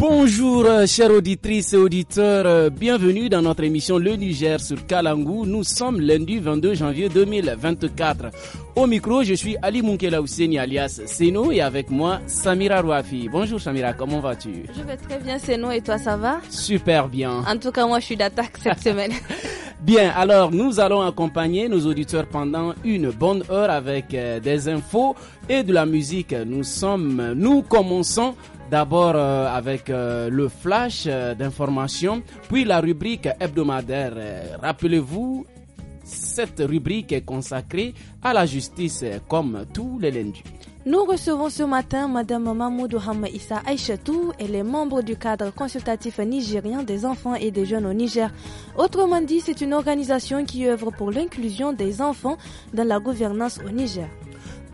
Bonjour, euh, chers auditrices et auditeurs. Euh, bienvenue dans notre émission Le Niger sur Kalangou. Nous sommes lundi 22 janvier 2024. Au micro, je suis Ali Munkela alias Seno et avec moi Samira Rouafi. Bonjour Samira, comment vas-tu Je vais très bien Seno et toi ça va Super bien. En tout cas, moi je suis d'attaque cette semaine. bien, alors nous allons accompagner nos auditeurs pendant une bonne heure avec euh, des infos et de la musique. Nous sommes nous commençons D'abord euh, avec euh, le flash euh, d'information, puis la rubrique hebdomadaire. Rappelez-vous, cette rubrique est consacrée à la justice comme tous les lundis. Nous recevons ce matin Madame Mamoudou Hamissa Issa Aïchatou. Elle est membre du cadre consultatif nigérien des enfants et des jeunes au Niger. Autrement dit, c'est une organisation qui œuvre pour l'inclusion des enfants dans la gouvernance au Niger.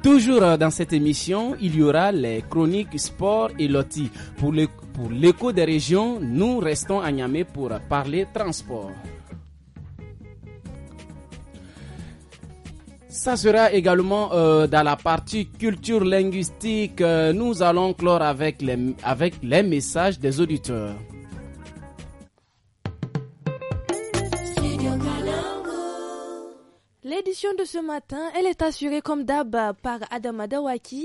Toujours dans cette émission, il y aura les chroniques sport et loti. Pour l'écho des régions, nous restons à Niamey pour parler transport. Ça sera également euh, dans la partie culture linguistique. Euh, nous allons clore avec avec les messages des auditeurs. L'édition de ce matin, elle est assurée comme d'hab par Adama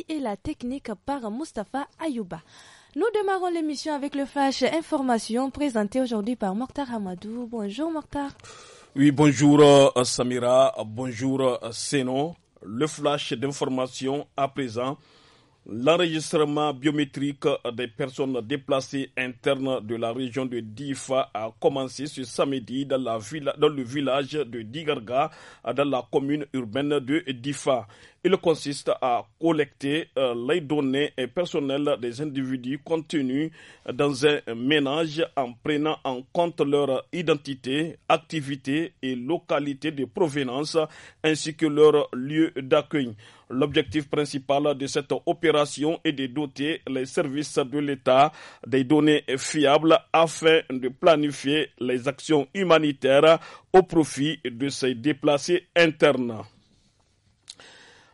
et la technique par Mustafa Ayouba. Nous démarrons l'émission avec le flash information présenté aujourd'hui par Mokhtar Hamadou. Bonjour Mokhtar. Oui, bonjour euh, Samira, bonjour euh, Seno. Le flash d'information à présent. L'enregistrement biométrique des personnes déplacées internes de la région de Difa a commencé ce samedi dans, le village de Digarga, dans la commune urbaine de Difa. Il consiste à collecter euh, les données personnelles des individus contenus dans un ménage en prenant en compte leur identité, activité et localité de provenance ainsi que leur lieu d'accueil. L'objectif principal de cette opération est de doter les services de l'État des données fiables afin de planifier les actions humanitaires au profit de ces déplacés internes.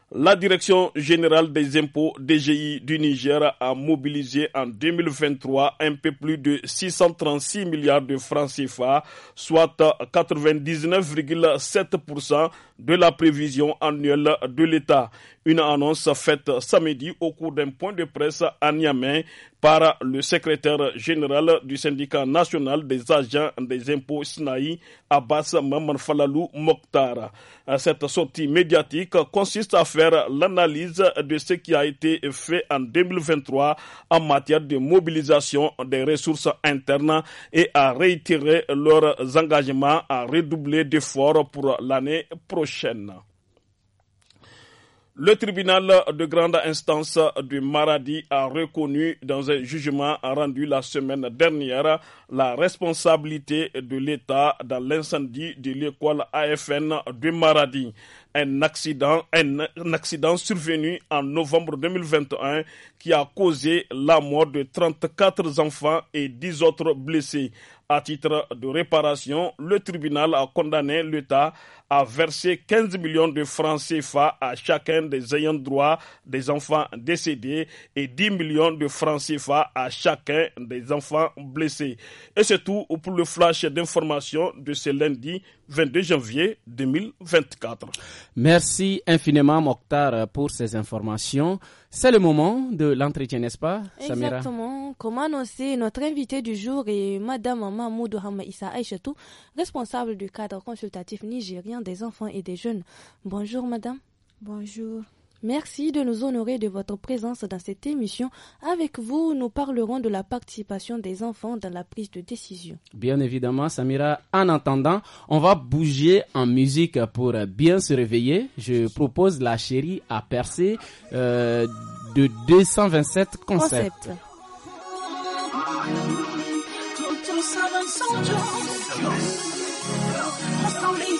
La Direction générale des impôts DGI du Niger a mobilisé en 2023 un peu plus de 636 milliards de francs CFA, soit 99,7% de la prévision annuelle de l'État. Une annonce faite samedi au cours d'un point de presse à Niamey par le secrétaire général du syndicat national des agents des impôts Sinaï, Abbas Maman Falalou Mokhtar. Cette sortie médiatique consiste à faire l'analyse de ce qui a été fait en 2023 en matière de mobilisation des ressources internes et à réitérer leurs engagements à redoubler d'efforts pour l'année prochaine. Le tribunal de grande instance du Maradi a reconnu dans un jugement rendu la semaine dernière la responsabilité de l'État dans l'incendie de l'école AFN du Maradi. Un accident, un accident survenu en novembre 2021 qui a causé la mort de 34 enfants et 10 autres blessés. À titre de réparation, le tribunal a condamné l'État a versé 15 millions de francs CFA à chacun des ayants droit des enfants décédés et 10 millions de francs CFA à chacun des enfants blessés. Et c'est tout pour le flash d'information de ce lundi 22 janvier 2024. Merci infiniment Mokhtar pour ces informations. C'est le moment de l'entretien, n'est-ce pas, Samira Exactement. Comme annoncé, notre invité du jour est Madame Mamoudou Hamma Issa Aïchetou, responsable du cadre consultatif nigérien des enfants et des jeunes. Bonjour madame. Bonjour. Merci de nous honorer de votre présence dans cette émission. Avec vous, nous parlerons de la participation des enfants dans la prise de décision. Bien évidemment, Samira, en attendant, on va bouger en musique pour bien se réveiller. Je propose la chérie à percer euh, de 227 concepts.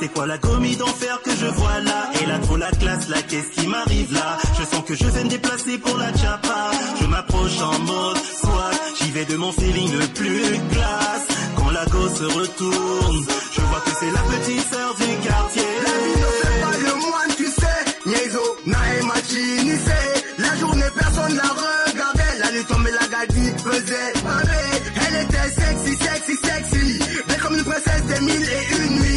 C'est quoi la commis d'enfer que je vois là Et là trop la classe, là qu'est-ce qui m'arrive là Je sens que je vais me déplacer pour la chapa Je m'approche en mode soit J'y vais de mon feeling le plus classe Quand la gosse se retourne Je vois que c'est la petite sœur du quartier La vie fait pas le moine tu sais Niezo, La journée personne la regardait La nuit tombée la gadite faisait Elle était sexy, sexy, sexy Mais comme une princesse des mille et une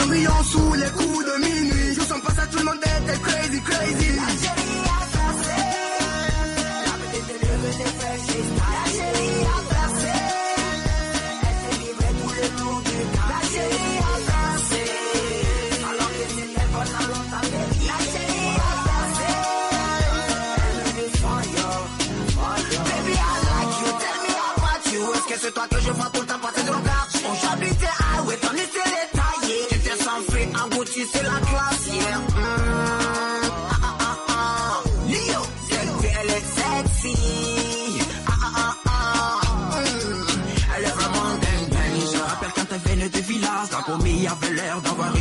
Cendrillon sous les coups de minuit. je sens pas ça, tout le monde était crazy, crazy.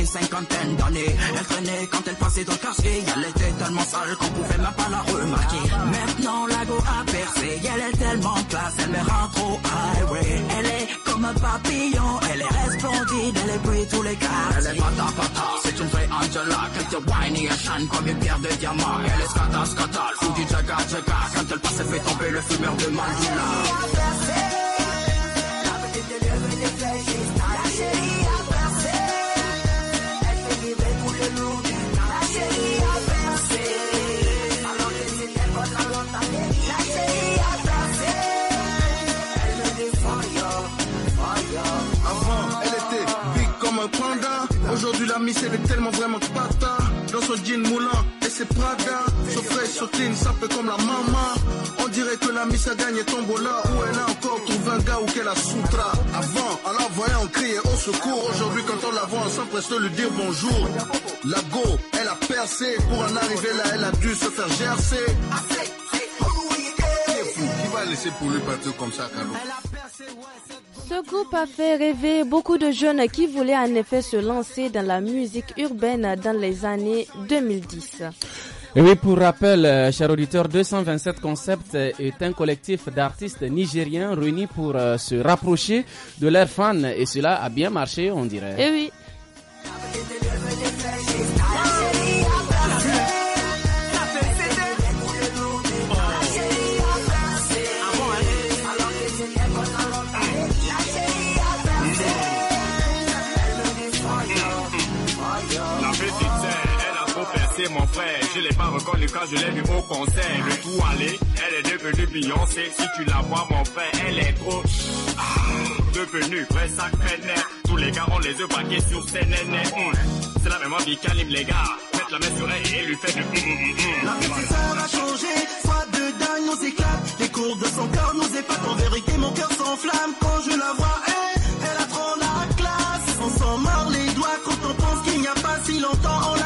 cinquantaine d'années. Elle traînait quand elle passait dans le quartier. Elle était tellement sale qu'on pouvait même pas la remarquer. Maintenant, la go a percé. Elle est tellement classe, elle me rend trop highway. Elle est comme un papillon, elle est resplendide, elle est bruit tous les quartiers. Elle est pata pata, c'est une vraie Angela. Quand elle whine et shine comme une pierre de diamant. Elle est scata scata, fou du jaga jaga. Quand elle passe, elle fait tomber le fumeur de mandula. Tu la miss elle est tellement vraiment pata Dans son jean moulant et ses Prada Son frère sautine, ça fait comme la maman On dirait que la miss a gagné tombola Ou elle a encore trouvé un gars ou qu'elle a soutra Avant, alors la voyant, on au secours Aujourd'hui quand on la voit, on s'empresse de lui dire bonjour La go, elle a percé Pour en arriver là, elle a dû se faire gercer C'est fou, qui va laisser pour lui partir comme ça, Carlo ce groupe a fait rêver beaucoup de jeunes qui voulaient en effet se lancer dans la musique urbaine dans les années 2010. Et oui, pour rappel, euh, cher auditeur, 227 Concepts est un collectif d'artistes nigériens réunis pour euh, se rapprocher de leurs fans et cela a bien marché, on dirait. Et oui. mon frère. Je l'ai pas reconnu quand je l'ai vu au concert. Le tout aller, elle est devenue Beyoncé. Si tu la vois, mon frère, elle est trop. Ah, devenue vrai sacré Tous les gars ont les yeux paqués sur ses nénés. Hum. C'est la même envie qu'anime les gars. mettre la main sur elle et lui faire du. Hum, hum, la mmh, la ses a changé. Soit de dingue nous éclate. Les cours de son corps nous épatent. En vérité, mon cœur s'enflamme quand je la vois. Elle, elle a trop la classe. On s'en mord les doigts quand on pense qu'il n'y a pas si longtemps.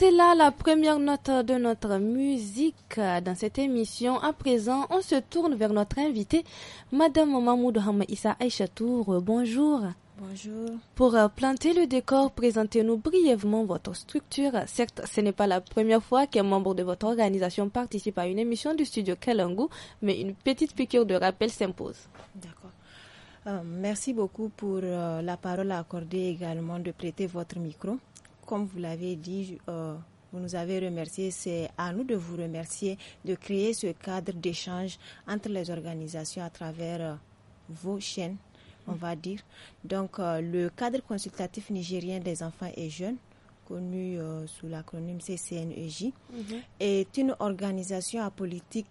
C'est là la première note de notre musique dans cette émission. À présent, on se tourne vers notre invitée, Madame Mahmoud Hamissa Bonjour. Bonjour. Pour euh, planter le décor, présentez-nous brièvement votre structure. Certes, ce n'est pas la première fois qu'un membre de votre organisation participe à une émission du studio Kalangu, mais une petite piqûre de rappel s'impose. D'accord. Euh, merci beaucoup pour euh, la parole accordée également de prêter votre micro comme vous l'avez dit, euh, vous nous avez remercié. C'est à nous de vous remercier de créer ce cadre d'échange entre les organisations à travers euh, vos chaînes, on va dire. Donc, euh, le cadre consultatif nigérien des enfants et jeunes connu sous l'acronyme CCNEJ, mhm. est une organisation à politique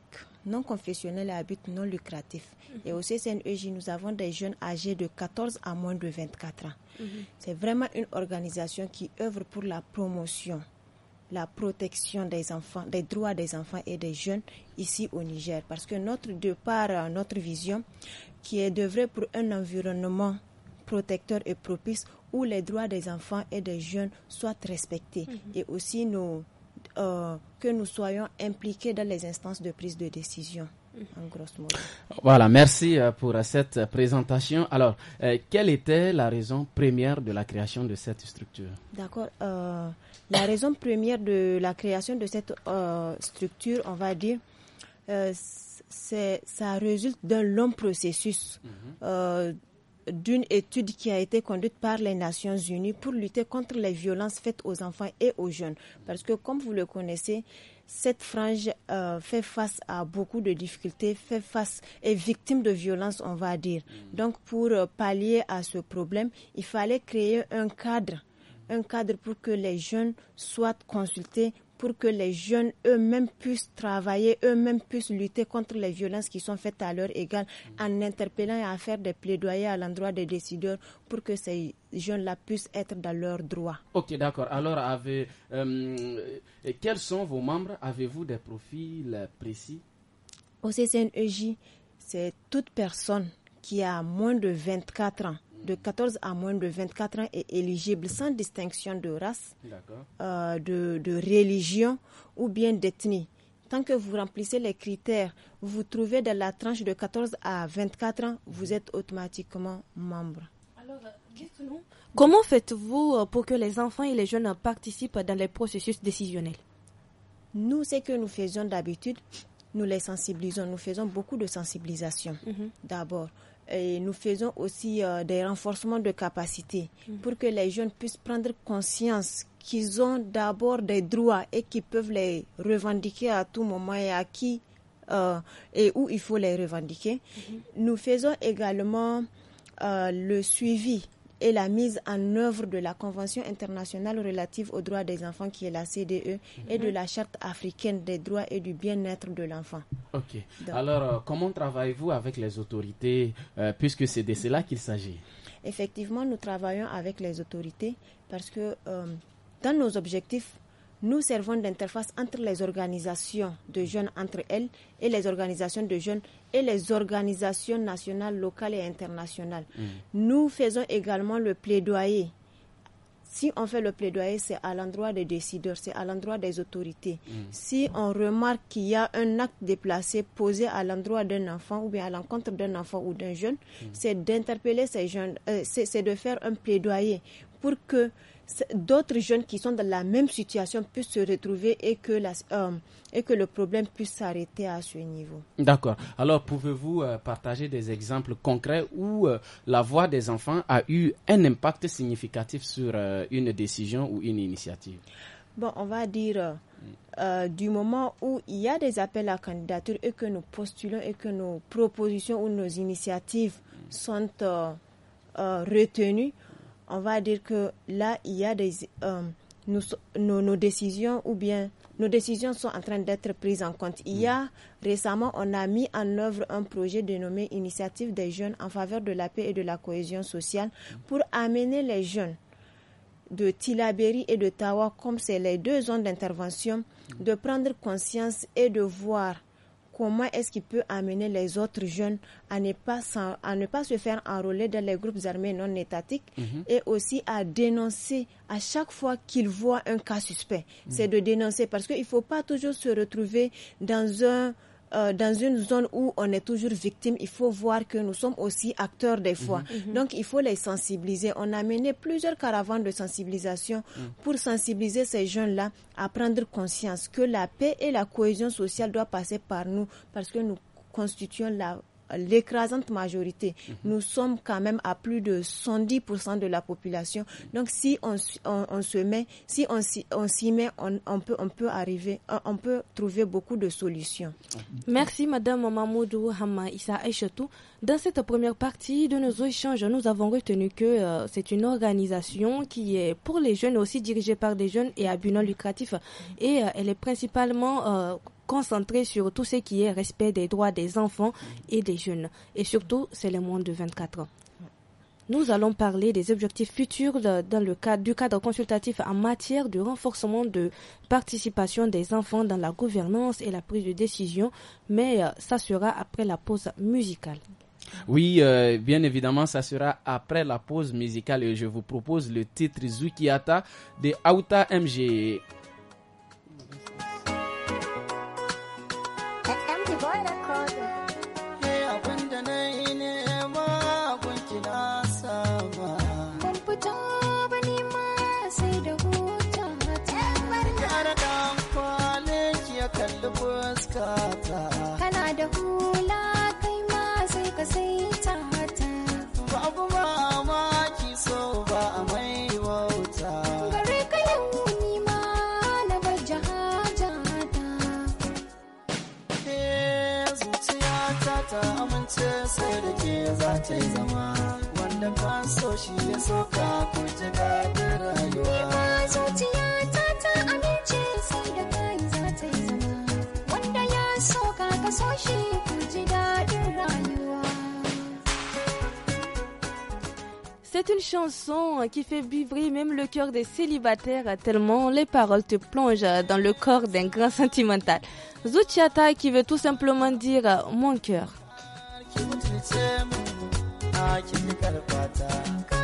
non confessionnels et à but non lucratif. Et au CCNEJ, nous avons des jeunes âgés de 14 à moins de 24 ans. Mhm. C'est vraiment une organisation qui œuvre pour la promotion, la protection des enfants, des droits des enfants et des jeunes ici au Niger. Parce que notre, de par euh, notre vision, qui est d'œuvrer pour un environnement protecteur et propice où les droits des enfants et des jeunes soient respectés. Mhm. Et aussi nos euh, que nous soyons impliqués dans les instances de prise de décision. En modo. Voilà, merci euh, pour cette présentation. Alors, euh, quelle était la raison première de la création de cette structure D'accord. la raison première de la création de cette structure, on va dire, c'est ça résulte d'un long processus mhm d'une étude qui a été conduite par les Nations Unies pour lutter contre les violences faites aux enfants et aux jeunes. Parce que, comme vous le connaissez, cette frange euh, fait face à beaucoup de difficultés, fait face est victime de violences, on va dire. Mm. Donc, pour euh, pallier à ce problème, il fallait créer un cadre, un cadre pour que les jeunes soient consultés pour que les jeunes eux-mêmes puissent travailler, eux-mêmes puissent lutter contre les violences qui sont faites à leur égale en interpellant et à faire des plaidoyers à l'endroit des décideurs pour que ces jeunes-là puissent être dans leurs droits. Ok, d'accord. Alors, avez, euh, quels sont vos membres Avez-vous des profils précis Au CCNEJ, c'est toute personne qui a moins de 24 ans de 14 à moins de 24 ans est éligible sans distinction de race, euh, de, religion ou bien d'ethnie. Tant que vous remplissez les critères, vous vous trouvez dans la tranche de 14 à 24 ans, vous êtes automatiquement membre. Alors, comment faites-vous euh, pour que les enfants et les jeunes participent dans les processus décisionnels Nous, ce que nous faisons d'habitude, nous les sensibilisons. Nous faisons beaucoup de sensibilisation mhm. d'abord et nous faisons aussi euh, des renforcements de capacités mm-hmm. pour que les jeunes puissent prendre conscience qu'ils ont d'abord des droits et qu'ils peuvent les revendiquer à tout moment et à qui euh, et où il faut les revendiquer. Mm-hmm. Nous faisons également euh, le suivi et la mise en œuvre de la Convention internationale relative aux droits des enfants, qui est la CDE, et mhm. de la Charte africaine des droits et du bien-être de l'enfant. Ok. Alors, euh, comment travaillez-vous avec les autorités, euh, puisque c'est de cela qu'il s'agit Effectivement, nous travaillons avec les autorités parce que euh, dans nos objectifs, nous servons d'interface entre les organisations de jeunes entre elles et les organisations de jeunes et les organisations nationales, locales et internationales. Mm. Nous faisons également le plaidoyer. Si on fait le plaidoyer, c'est à l'endroit des décideurs, c'est à l'endroit des autorités. Mm. Si on remarque qu'il y a un acte déplacé posé à l'endroit d'un enfant ou bien à l'encontre d'un enfant ou d'un jeune, mm. c'est d'interpeller ces jeunes, euh, c'est de faire un plaidoyer pour que d'autres jeunes qui sont dans la même situation puissent se retrouver et que, la, euh, et que le problème puisse s'arrêter à ce niveau. D'accord. Alors, pouvez-vous euh, partager des exemples concrets où euh, la voix des enfants a eu un impact significatif sur une décision ou une initiative Bon, on va dire, du moment où il y a des appels à candidature et que nous postulons et que nos propositions ou nos initiatives sont retenues, on va dire que là, il y a des, euh, nos, décisions ou bien nos décisions sont en train d'être prises en compte. Il y a récemment, on a mis en œuvre un projet dénommé Initiative des jeunes en faveur de la paix et de la cohésion sociale pour amener les jeunes de Tilaberi et de Tawa, comme c'est les deux zones d'intervention, de prendre conscience et de voir comment est-ce qu'il peut amener les autres jeunes à ne pas, à ne pas se faire enrôler dans les groupes armés non étatiques mhm. et aussi à dénoncer à chaque fois qu'ils voient un cas suspect. Mhm. C'est de dénoncer parce qu'il ne faut pas toujours se retrouver dans un euh, dans une zone où on est toujours victime, il faut voir que nous sommes aussi acteurs des fois. Mhm. Mhm. Donc, il faut les sensibiliser. On a mené plusieurs caravanes de sensibilisation mhm. pour sensibiliser ces jeunes-là à prendre conscience que la paix et la cohésion sociale doivent passer par nous parce que nous constituons la l'écrasante majorité. Mhm. Nous sommes quand même à plus de 110% de la population. Donc si on, se met, si on, s'y met, on, peut, on peut arriver, on peut trouver beaucoup de solutions. Merci Madame Mamoudou Hama Issa Dans cette première partie de nos échanges, nous avons retenu que euh, c'est une organisation qui est pour les jeunes aussi dirigée par des jeunes et à but non lucratif et euh, elle est principalement euh, concentré sur tout ce qui est respect des droits des enfants et des jeunes. Et surtout, c'est les moins de 24 ans. Nous allons parler des objectifs futurs dans le cadre du cadre consultatif en matière de renforcement de participation des enfants dans la gouvernance et la prise de décision, mais euh, ça sera après la pause musicale. Oui, euh, bien évidemment, ça sera après la pause musicale et je vous propose le titre Zukiata de Auta MG. C'est une chanson qui fait vibrer même le cœur des célibataires tellement les paroles te plongent dans le corps d'un grand sentimental. Zuchiata qui veut tout simplement dire mon cœur. kin karfata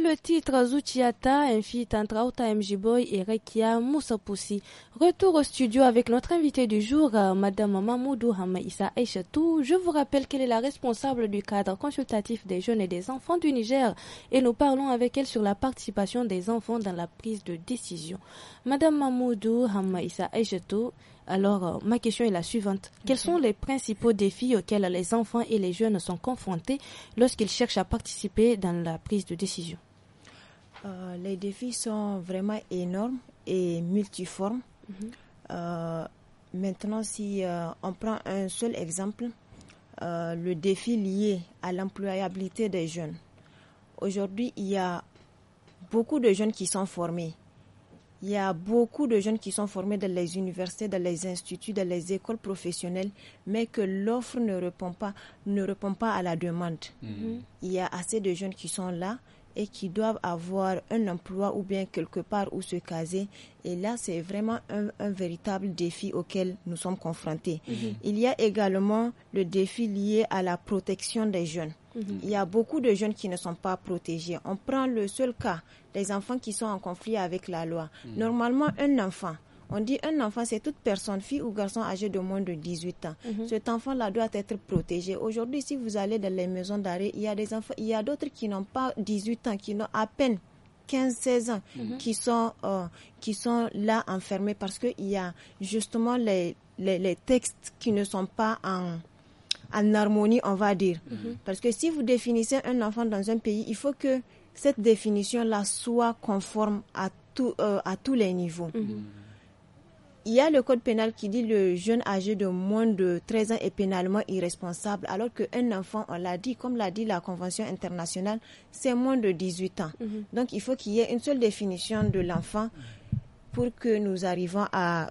le titre Zuchiata, un feat entre MJ Mjiboy et Rekia Moussapoussi. Retour au studio avec notre invitée du jour, euh, Madame Mamoudou Hamaïsa Eichetou. Je vous rappelle qu'elle est la responsable du cadre consultatif des jeunes et des enfants du Niger et nous parlons avec elle sur la participation des enfants dans la prise de décision. Madame Mamoudou Hamaïsa Eichetou, alors, euh, ma question est la suivante. Quels sont les principaux défis auxquels les enfants et les jeunes sont confrontés lorsqu'ils cherchent à participer dans la prise de décision euh, Les défis sont vraiment énormes et multiformes. Mhm. Euh, maintenant, si on prend un seul exemple, le défi lié à l'employabilité des jeunes. Aujourd'hui, il y a beaucoup de jeunes qui sont formés, il y a beaucoup de jeunes qui sont formés dans les universités, dans les instituts, dans les écoles professionnelles, mais que l'offre ne répond pas, ne répond pas à la demande. Mhm. Il y a assez de jeunes qui sont là et qui doivent avoir un emploi ou bien quelque part où se caser. Et là, c'est vraiment un, véritable défi auquel nous sommes confrontés. Mhm. Il y a également le défi lié à la protection des jeunes. Il y a beaucoup de jeunes qui ne sont pas protégés. On prend le seul cas des enfants qui sont en conflit avec la loi. Mm. Normalement, un enfant, on dit un enfant, c'est toute personne, fille ou garçon âgée de moins de 18 ans. Mhm. Cet enfant-là doit être protégé. Aujourd'hui, si vous allez dans les maisons d'arrêt, il y a des enfants, il y a d'autres qui n'ont pas 18 ans, qui n'ont à peine 15-16 ans, mhm. qui sont euh, qui sont là enfermés parce qu'il y a justement les, les textes qui ne sont pas en en harmonie, on va dire. Mhm. Parce que si vous définissez un enfant dans un pays, il faut que cette définition-là soit conforme à, euh, à tous les niveaux. Mhm. Il y a le code pénal qui dit le jeune âgé de moins de 13 ans est pénalement irresponsable, alors qu'un enfant, on l'a dit, comme l'a dit la Convention internationale, c'est moins de 18 ans. Mhm. Donc il faut qu'il y ait une seule définition de l'enfant pour que nous arrivions à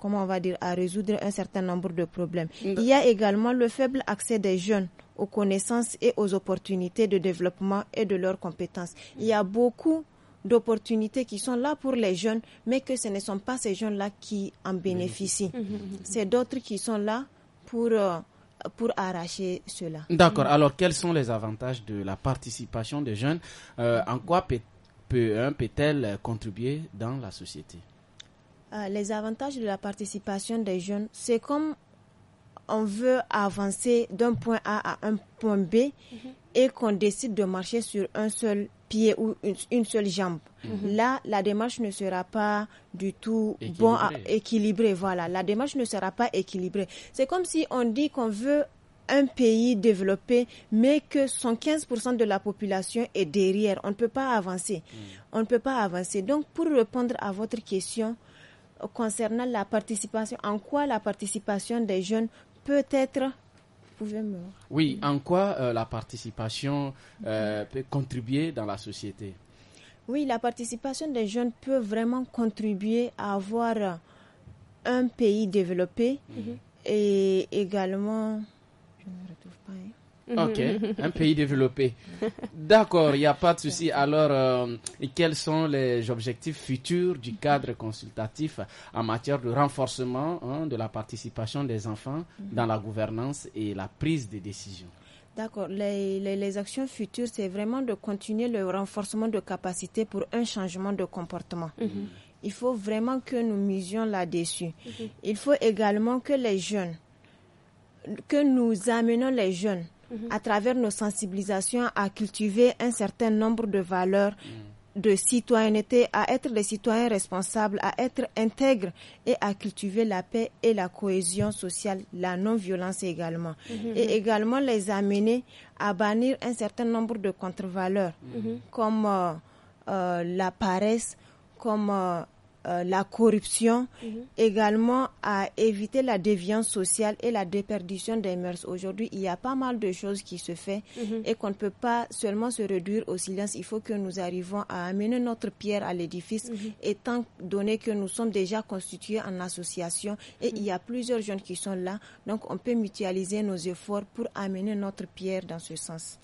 comment on va dire, à résoudre un certain nombre de problèmes. Mm. Il y a également le faible accès des jeunes aux connaissances et aux opportunités de développement et de leurs compétences. Il y a beaucoup d'opportunités qui sont là pour les jeunes, mais que ce ne sont pas ces jeunes-là qui en bénéficient. Mm-hmm, mm-hmm. C'est d'autres qui sont là euh, pour, arracher cela. D'accord. Alors, quels sont les avantages de la participation des jeunes euh, En quoi peut-elle peut, peut hein, contribuer dans la société euh, les avantages de la participation des jeunes, c'est comme on veut avancer d'un point A à un point B mhm. et qu'on décide de marcher sur un seul pied ou une, seule jambe. Mhm. Là, la démarche ne sera pas du tout bon à, équilibrée. Voilà, la démarche ne sera pas équilibrée. C'est comme si on dit qu'on veut un pays développé, mais que 115% de la population est derrière. On ne peut pas avancer. Mm. On ne peut pas avancer. Donc, pour répondre à votre question, concernant la participation, en quoi la participation des jeunes peut être oui, en quoi euh, la participation euh, peut contribuer dans la société Oui, la participation des jeunes peut vraiment contribuer à avoir un pays développé mhm. et également, je ne retrouve pas. Hein, Mhm. Ok, un pays développé. D'accord, il n'y a pas de souci. Alors, euh, quels sont les objectifs futurs du cadre consultatif en matière de renforcement hein, de la participation des enfants mhm. dans la gouvernance et la prise des décisions D'accord. Les, actions futures, c'est vraiment de continuer le renforcement de capacités pour un changement de comportement. Mhm. Il faut vraiment que nous misions là-dessus. Il faut également que les jeunes, que nous amenons les jeunes à travers nos sensibilisations, à cultiver un certain nombre de valeurs de citoyenneté, à être des citoyens responsables, à être intègres et à cultiver la paix et la cohésion sociale, la non-violence également. Mhm. Et également les amener à bannir un certain nombre de contre-valeurs, mhm. comme euh, euh, la paresse, comme euh, euh, la corruption, mhm. également à éviter la déviance sociale et la déperdition des mœurs. Aujourd'hui, il y a pas mal de choses qui se font mhm. et qu'on ne peut pas seulement se réduire au silence. Il faut que nous arrivions à amener notre pierre à l'édifice, mhm. étant donné que nous sommes déjà constitués en association et il y a plusieurs jeunes qui sont là. Donc, on peut mutualiser nos efforts pour amener notre pierre dans ce sens.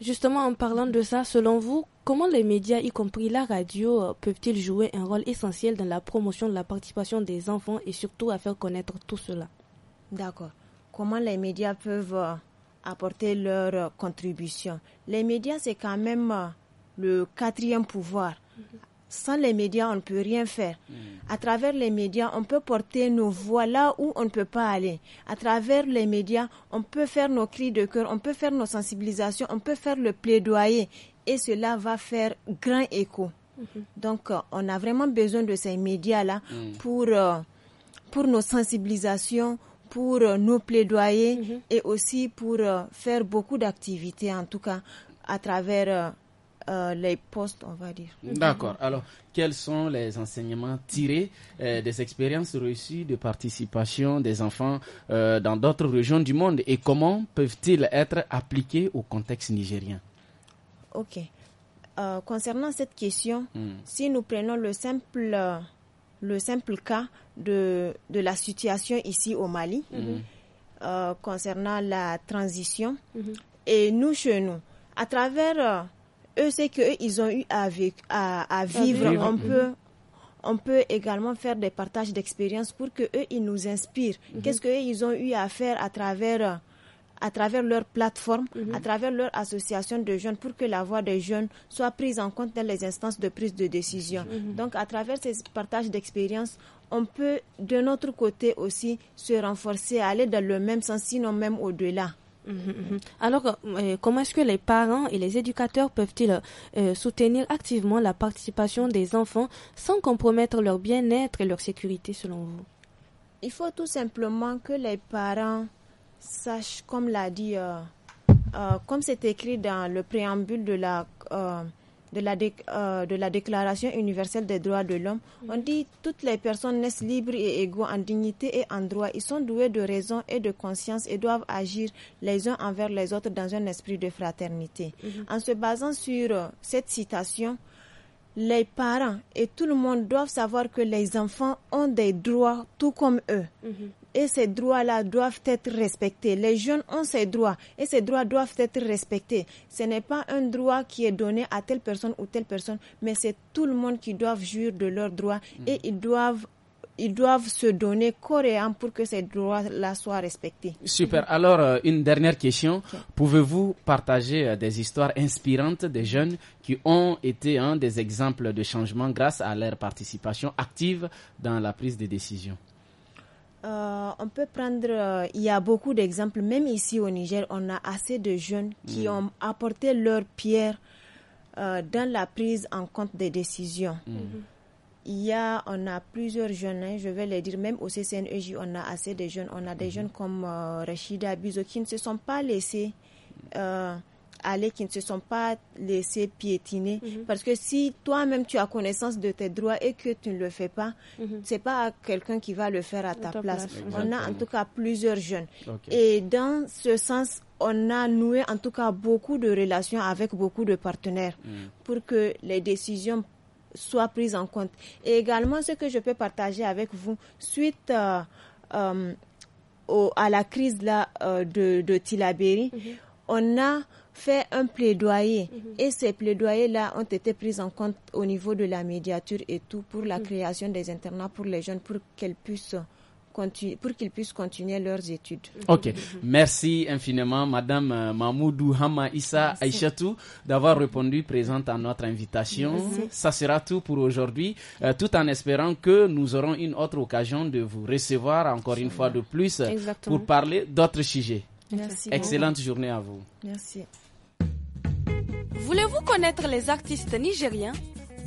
Justement, en parlant de ça, selon vous, comment les médias, y compris la radio, peuvent-ils jouer un rôle essentiel dans la promotion de la participation des enfants et surtout à faire connaître tout cela D'accord. Comment les médias peuvent euh, apporter leur euh, contribution Les médias, c'est quand même euh, le quatrième pouvoir. Sans les médias, on ne peut rien faire. Mm. À travers les médias, on peut porter nos voix là où on ne peut pas aller. À travers les médias, on peut faire nos cris de cœur, on peut faire nos sensibilisations, on peut faire le plaidoyer et cela va faire grand écho. Mhm. Donc, euh, on a vraiment besoin de ces médias-là mm. pour, euh, pour nos sensibilisations, pour euh, nos plaidoyers mhm. et aussi pour faire beaucoup d'activités, en tout cas à travers les postes, on va dire. Mm. D'accord. Alors, quels sont les enseignements tirés des expériences reçues de participation des enfants dans d'autres régions du monde et comment peuvent-ils être appliqués au contexte nigérien Ok. Euh, concernant cette question, hmm. si nous prenons le simple, le simple cas de, de la situation ici au Mali, hmm. Hmm. Euh, concernant la transition, et nous chez nous, à travers euh, eux, c'est qu'ils ont eu à, vivre, On, peut, on peut également faire des partages d'expériences pour que eux, ils nous inspirent. Qu'est-ce qu'ils ont eu à faire à travers à travers leur plateforme, mhm. à travers leur association de jeunes, pour que la voix des jeunes soit prise en compte dans les instances de prise de décision. Mhm. Donc, à travers ces partages d'expériences, on peut, de notre côté aussi, se renforcer, aller dans le même sens, sinon même au-delà. Mhm, Alors, euh, comment est-ce que les parents et les éducateurs peuvent-ils euh, soutenir activement la participation des enfants sans compromettre leur bien-être et leur sécurité, selon vous Il faut tout simplement que les parents sache, comme l'a dit, euh, euh, comme c'est écrit dans le préambule de la, euh, de, la de la Déclaration universelle des droits de l'homme, on dit toutes les personnes naissent libres et égaux en dignité et en droit. Ils sont doués de raison et de conscience et doivent agir les uns envers les autres dans un esprit de fraternité. Mhm. En se basant sur cette citation, les parents et tout le monde doivent savoir que les enfants ont des droits tout comme eux. Mhm. Et ces droits-là doivent être respectés. Les jeunes ont ces droits et ces droits doivent être respectés. Ce n'est pas un droit qui est donné à telle personne ou telle personne, mais c'est tout le monde qui doit jouir de leurs droits mhm. et ils doivent ils doivent se donner coréen pour que ces droits-là soient respectés. Super. Alors, euh, une dernière question. Pouvez-vous partager euh, des histoires inspirantes des jeunes qui ont été un des exemples de changement grâce à leur participation active dans la prise de décision euh, on peut prendre, il y a beaucoup d'exemples, même ici au Niger, on a assez de jeunes qui mm. ont apporté leur pierre dans la prise en compte des décisions. Mm. Mm-hmm il y a, on a plusieurs jeunes, hein, je vais les dire, même au CCNEJ, on a assez de jeunes. On a des mhm. jeunes comme euh, Rachida Abuzo qui ne se sont pas laissés euh, aller, qui ne se sont pas laissés piétiner. Mhm. Parce que si toi-même tu as connaissance de tes droits et que tu ne le fais pas, ce mhm. c'est pas quelqu'un qui va le faire à, ta, place. On a en tout cas plusieurs jeunes. Et dans ce sens, on a noué en tout cas beaucoup de relations avec beaucoup de partenaires pour que les décisions soit prise en compte. Et également, ce que je peux partager avec vous, suite euh, euh, à la crise euh, de, de Tilaberi, mhm. on a fait un plaidoyer mhm. et ces plaidoyers-là ont été pris en compte au niveau de la médiature et tout pour la mhm. création des internats pour les jeunes, pour qu'elles puissent pour qu'ils puissent continuer leurs études. Ok, merci infiniment, Madame euh, Mahmoudou Hama Issa Aïchatou, d'avoir répondu présente à notre invitation. Ça sera tout pour aujourd'hui, euh, tout en espérant que nous aurons une autre occasion de vous recevoir encore une fois de plus euh, pour parler d'autres sujets. Merci. Excellente journée à vous. Merci. Voulez-vous connaître les artistes nigériens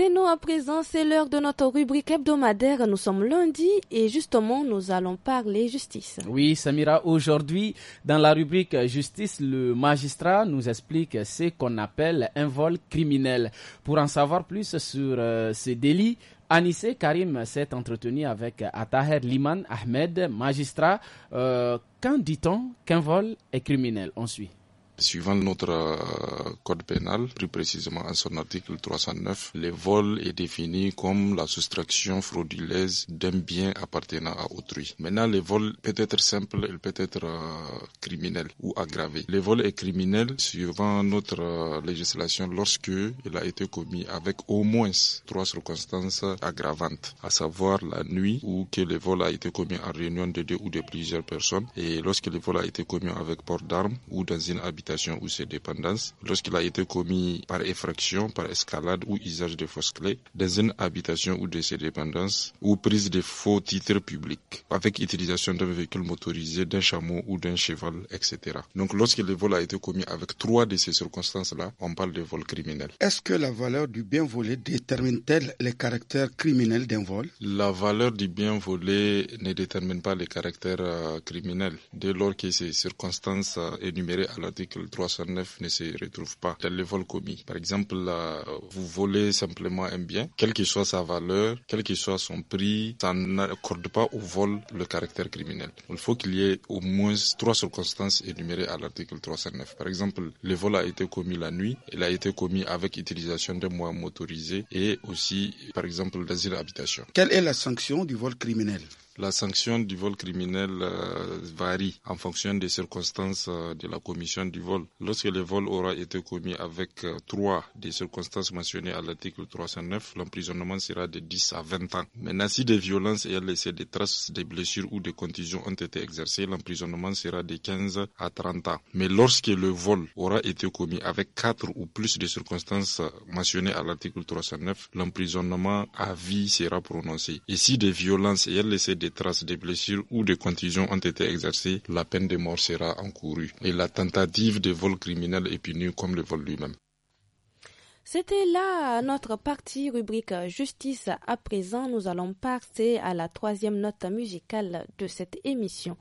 C'est nous à présent, c'est l'heure de notre rubrique hebdomadaire. Nous sommes lundi et justement, nous allons parler justice. Oui, Samira, aujourd'hui, dans la rubrique justice, le magistrat nous explique ce qu'on appelle un vol criminel. Pour en savoir plus sur euh, ces délits, Anissé Karim s'est entretenu avec Ataher Liman Ahmed, magistrat. Euh, quand dit-on qu'un vol est criminel On suit. Suivant notre euh, code pénal, plus précisément en son article 309, le vol est défini comme la soustraction frauduleuse d'un bien appartenant à autrui. Maintenant, le vol peut être simple, il peut être euh, criminel ou aggravé. Le vol est criminel suivant notre euh, législation lorsque il a été commis avec au moins trois circonstances aggravantes, à savoir la nuit ou que le vol a été commis en réunion de deux ou de plusieurs personnes et lorsque le vol a été commis avec port d'armes ou dans une habitation ou ses dépendances lorsqu'il a été commis par effraction, par escalade ou usage de fausses clés dans une habitation ou de ses dépendances ou prise de faux titres publics avec utilisation d'un véhicule motorisé, d'un chameau ou d'un cheval, etc. Donc lorsque le vol a été commis avec trois de ces circonstances-là, on parle de vol criminel. Est-ce que la valeur du bien volé détermine-t-elle les caractères criminels d'un vol La valeur du bien volé ne détermine pas les caractères euh, criminels dès lors que ces circonstances euh, énumérées à l'article 309 ne se retrouve pas tel le vol commis. Par exemple, vous volez simplement un bien, quelle que soit sa valeur, quel que soit son prix, ça n'accorde pas au vol le caractère criminel. Il faut qu'il y ait au moins trois circonstances énumérées à l'article 309. Par exemple, le vol a été commis la nuit, il a été commis avec utilisation de moyens motorisés et aussi, par exemple, l'asile habitation. Quelle est la sanction du vol criminel la sanction du vol criminel euh, varie en fonction des circonstances euh, de la commission du vol. Lorsque le vol aura été commis avec euh, trois des circonstances mentionnées à l'article 309, l'emprisonnement sera de 10 à 20 ans. Maintenant, si des violences et laissé des traces, des blessures ou des contusions ont été exercées, l'emprisonnement sera de 15 à 30 ans. Mais lorsque le vol aura été commis avec quatre ou plus des circonstances mentionnées à l'article 309, l'emprisonnement à vie sera prononcé. Et si des violences et laissé des des traces de blessures ou des contusions ont été exercées, la peine de mort sera encourue et la tentative de vol criminel est punie comme le vol lui-même. C'était là notre partie rubrique justice. À présent, nous allons passer à la troisième note musicale de cette émission.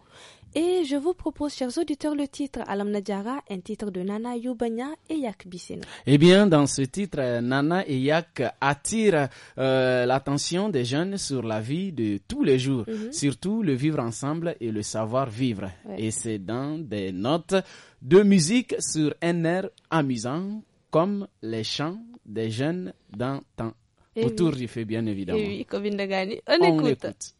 Et je vous propose, chers auditeurs, le titre Alam Nadjara, un titre de Nana Yubanya et Yak Bisséna. Eh bien, dans ce titre, Nana et Yak attirent euh, l'attention des jeunes sur la vie de tous les jours, mhm. surtout le vivre ensemble et le savoir vivre. Et c'est dans des notes de musique sur un air amusant, comme les chants des jeunes d'antan. Eh Autour du fait, bien eh évidemment. Et oui, comme On, On écoute.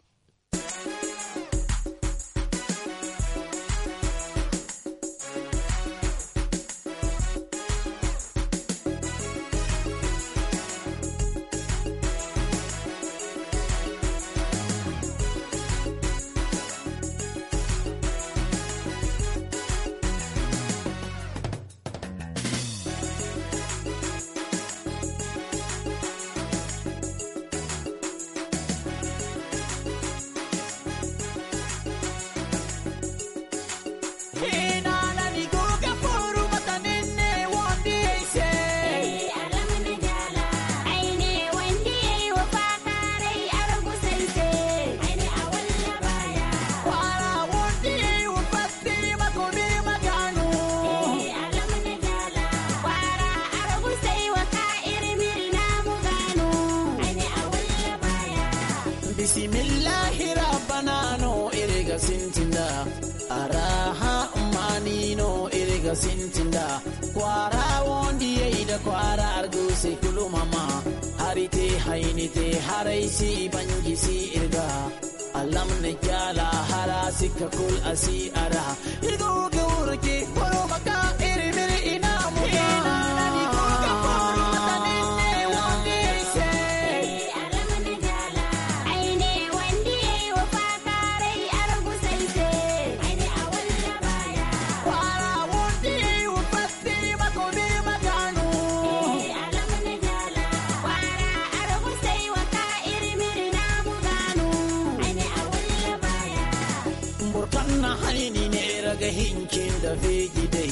da dai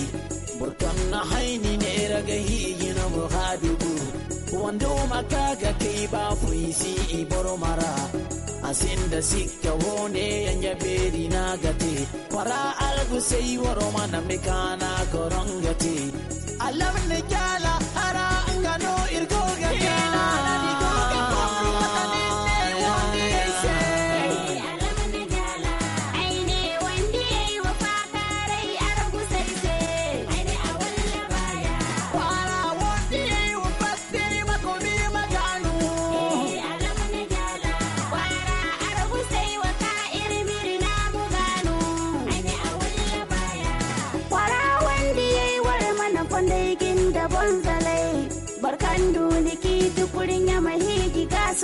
burkan na haini ne ragahi gina buhadugu wando ga kai ba si ibor mara asin da sika wone yanya beri na gate fara algu sai waro mana mekana gate alam ne kyala ara ngano irgo gate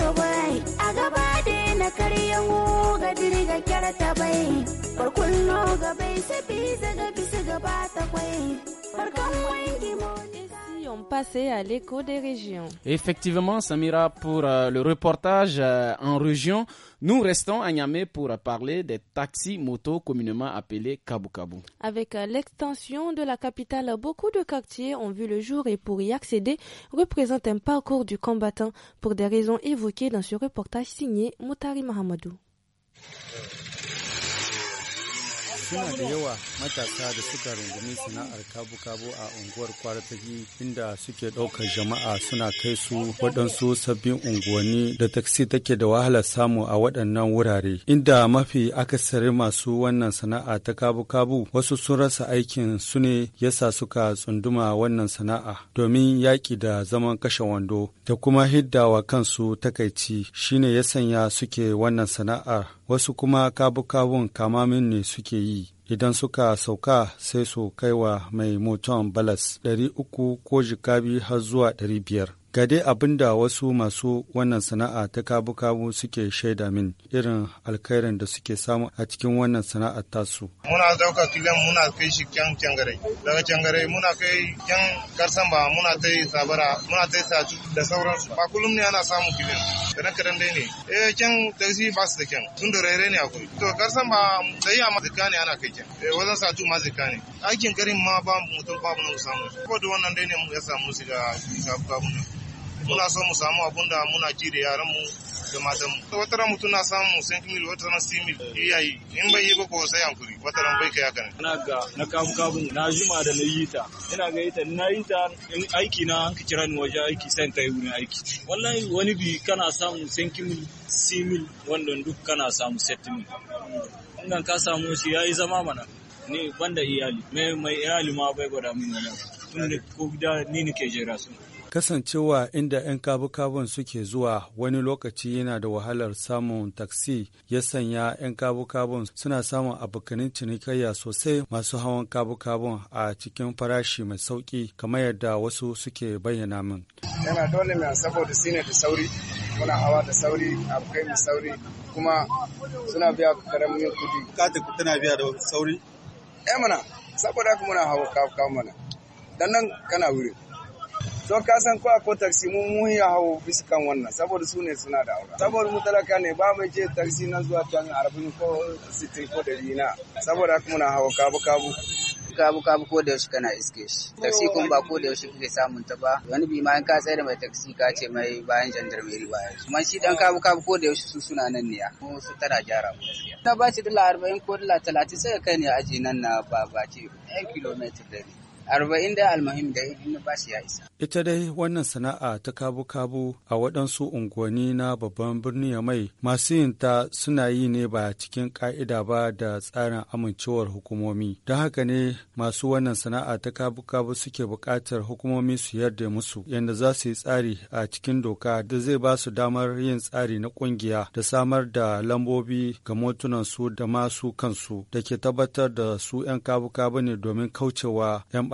so bai a gaba da na karyan ga dirga kyarta ta bai barkullo ga bai sabi zaga bisa gaba ta kwai barkan wangi mo on à l'écho des régions. Effectivement, Samira, pour euh, le reportage euh, en région, nous restons à Niamey pour parler des taxis motos communément appelés kabukabu. Avec euh, l'extension de la capitale, beaucoup de quartiers ont vu le jour et pour y accéder représente un parcours du combattant pour des raisons évoquées dans ce reportage signé Moutari Mahamadou. suna da yawa matasa da suka rungumi sana'ar kabu-kabu a unguwar kwarafagi inda suke ɗaukar jama'a suna kai su waɗansu sabbin unguwanni da taksi take da wahalar samu a waɗannan wurare inda mafi akasari masu wannan sana'a ta kabu-kabu wasu sun rasa aikin su ne yasa suka tsunduma wannan sana'a domin yaƙi da zaman kashe wando da kuma hiddawa kansu takaici shine ya sanya suke wannan sana'ar wasu kuma kabu kamamin ne suke yi idan suka sauka sai su kaiwa mai moton balas 300 ko jikabi har zuwa 500 Ga dai abin da wasu masu wannan sana'a ta kabu-kabu suke shaida min irin alkhairin da suke samu a cikin wannan sana'ar tasu. Muna dauka kilan muna kai shi kyan cangare. Daga cangare muna kai kyan karsan ba muna ta yi sabara muna ta yi saju da sauransu. Ba kullum ne ana samun kilan. Kadan kadan dai ne. Eh kyan taxi ba su da kyan. Tun da rere ne akwai. To karsan ba da yi a mazika ne ana kai kyan. Eh wajen saju mazika ne. Aikin garin ma ba mutum ba mu samu. Ko da wannan dai ne ya samu shiga kabu-kabu ne. muna son mu samu abun da muna ji da yaran mu da matan mu wata ran mutum na samu san kimil wata ran sai mil iyayi eh, in bai yi ba ko sai hankuri wata ran bai kai haka ne ina ga na kamu kamu na juma da na yi ta ina ga ita na yi ta in aiki na an kira ni waje aiki sai ta yi wani aiki wallahi wani bi kana samu san kimi simi wanda duk kana samu settimil wannan ka samu shi yayi zama mana ne banda iyali mai mai iyali ma bai gwada min wani tun da ko gida ni nake jira su Kasancewa inda 'yan kabu-kabun suke zuwa wani lokaci yana da wahalar samun taksi ya sanya 'yan kabu-kabun suna samun abokanin cinikayya sosai masu hawan kabu-kabun a cikin farashi mai sauki kamar yadda wasu suke bayyana min. Yana dole mai saboda sine da sauri muna hawa da sauri abokai mai sauri kuma suna biya karamin kudi. Kata tana biya da sauri? Eh saboda kuma muna hawa kabu mana. Dan kana wuri. so ka san ko a ko taxi mun mun ya hau biskan wannan saboda su ne suna da aura saboda mu talaka ne ba mai je taxi na zuwa can arabin ko sittin ko da na saboda kuma na hawo kabu kabu kabu kabu ko da yaushe kana iske shi taxi kun ba ko da yaushe kuke samun ta ba wani bi ma in ka tsaya da mai taxi ka ce mai bayan jandarmeri ba baya kuma shi dan kabu kabu ko da yaushe su suna nan ne ya ko su tara gyara mu gaskiya na ba shi dala 40 ko dala 30 sai ka kai ne aji nan na ba 1 km kilomita dari arba'in da almahim da ibn basi ya isa. Ita dai wannan sana'a ta kabu-kabu a waɗansu unguwanni na babban birnin mai, masu yin ta suna yi ne ba cikin ƙa'ida ba da tsarin amincewar hukumomi. Don haka ne masu wannan sana'a ta kabu-kabu suke buƙatar hukumomi su yarda musu yadda za su yi tsari a cikin doka da zai ba su damar yin tsari na ƙungiya da samar da lambobi ga motunansu da masu kansu da ke tabbatar da su 'yan kabu-kabu ne domin kaucewa 'yan